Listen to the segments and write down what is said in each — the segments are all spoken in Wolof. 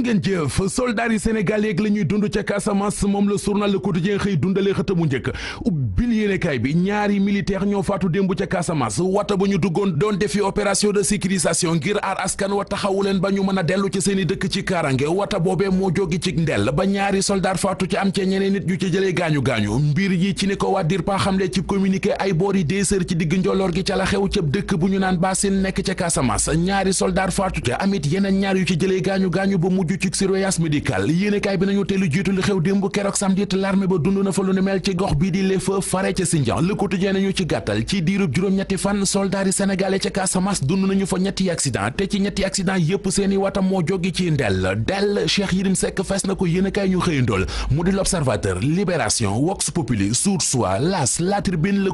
ngeen jëf soldaar yi Sénégal yeeg la ñuy dund ca Casamance moom la journal Le Quotidien xëy dundalee xëta mu njëkk ubbil yéenekaay bi ñaari militaire ñoo faatu démb ca Casamance wata ba ñu duggoon doon defi opération de sécurisation ngir aar askan wa taxawu leen ba ñu mën a dellu ci seen i dëkk ci Karange wata boobee moo jógi ci ndel ba ñaari soldaar faatu ci am ca ñeneen nit yu ci jëlee gaañu-gaañu mbir yi ci ni ko waa DIRPA xamle ci communiqué ay boor yi deux heures ci digg njolloor gi ca la dëkk bu ñu naan Bassine nekk ca Casamance ñaari soldaar faatu ca amit yeneen ñaar yu ci jëlee gaañu-gaañu gaañu ba mujj ci surveillance médicale yéenekaay bi nañu te lu xew démb keroog samedi te ba dund na fa lu ni mel ci gox bii di les fare ca Sindian Le Quotidien nañu ci gàttal ci diirub juróom-ñetti fan soldaari sénégalais ca Casamance dund nañu fa ñetti accident te ci ñetti accident yépp seeni watam moo jóge ci ndel del Cheikh Yérim Seck fes na ko yéenekaay ñu xëyandool mu di L'Observateur Libération Vox Populi Source A L'As La Tribune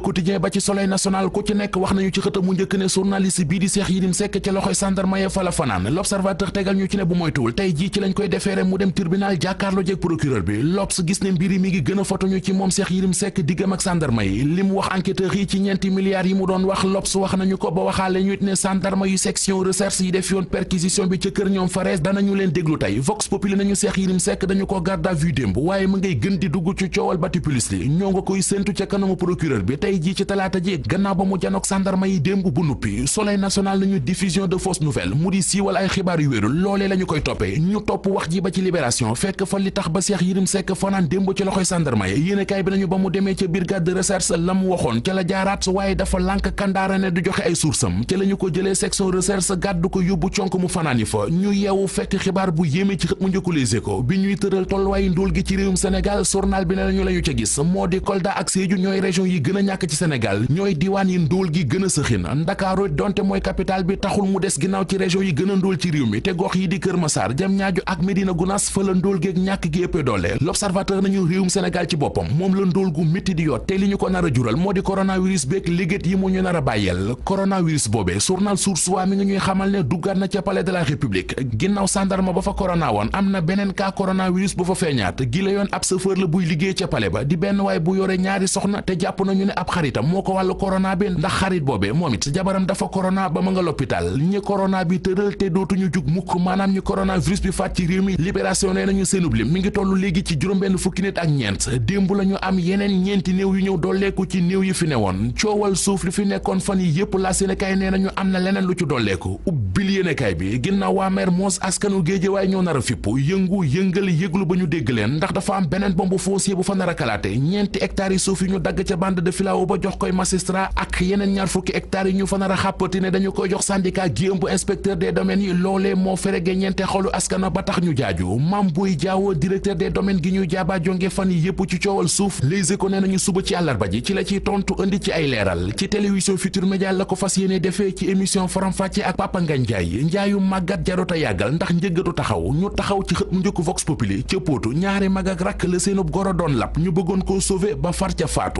la fanaan moytuwul tey jii ci lañ koy defeere mu dem tribunal jàkkaarloo jeeg procureur bi L'Obs gis ne mbiri mi ngi gën a fotoñu ci moom Cheikh Yérim Seck diggam ak sandarma yi li wax enquêteurs yi ci ñeenti milliards yi mu doon wax L'Obs wax nañu ko ba waxaale ñu it ne sandarma yu section recherche yi def yoon perquisition bi ca kër ñoom Fares danañu leen déglu tey Vox Populi nañu Cheikh Yérim Seck dañu ko garde à vue démb waaye mu ngay gën di dugg ci coowal bati pulis toppee ñu topp wax ji ba ci libération fekk fa li tax ba Cheikh Yérim Seck fanaan démb ci loxoy gendarme yi yéenekaay bi nañu ba mu demee ca brigade de recherche la mu waxoon ca la jaaraat waaye dafa lànk kandaara ne du joxe ay sursam ca la ñu ko jëlee section recherche gàddu ko yóbbu conk mu fanaan yi fa ñu yeewu fekk xibaar bu yéeme ci xët mu njëkku Les Échos bi ñuy tëral tolluwaayu ndóol gi ci réewum senegal journal bi ne lañu la ñu ca gis moo di Kolda ak Sédhiou ñooy région yi gën a ñàkk ci Sénégal ñooy diwaan yi ndóol gi gën a sëxin Ndakaaru donte mooy capitale bi taxul mu des ginnaaw ci région yi gën a ndóol ci réew mi Massar jam ñaaju ak Medina Gounass fa la ndóol géeg ñàkk gi ëppee doole l'observateur nañu réewum Sénégal ci boppam moom la ndóol gu métti di yoot te li ñu ko nar a jural moo di coronavirus beeg liggéet yi mu ñu nar a bàyyeel coronavirus boobee journal Source A mi ngi ñuy xamal ne duggaat na ca palais de la république ginnaaw ba fa corona woon am na beneen cas coronavirus bu fa feeñaat gi yoon ab chauffeur la buy liggéey ca palais ba di benn waay coronavirus bi faat ci réew mi libération nee nañu seenub lim mi ngi toll léegi ci juróom-benn fukki nit ak ñeent démb la am yeneen ñeenti néew yu ñëw dolleeku ci néew yi fi newoon coowal suuf li fi nekkoon fan yi yépp la seen nee nañu am na leneen lu dolleeku ubbil yéene bi ginnaaw waa mer moos askanu géejewaay ñoo nar a fipp yëngu yëngal yëglu ba ñu dégg leen ndax dafa am beneen bombu foncier bu fa nar a kalaate ñeenti hectares yi xolu askana ba tax ñu jaaju maam Boye Diao directeur de domaine gi ñuy jaaba jonge fan yi yëpp ci coowal suuf Les Échos nee nañu suba ci àllarba ji ci la ciy tontu indi ci ay leeral ci télévision Futurs Médias la ko fas yéene defee ci émission Faram Facce ak Papa Ngagne Ndiaye njaayu màggat jarota yàggal ndax njëggatu taxaw ñu taxaw ci xët mu njëkk Vox Populi ca póotu ñaari mag ak rakk la seenub goro doon lap ñu bëggoon ko sauver ba far ca faatu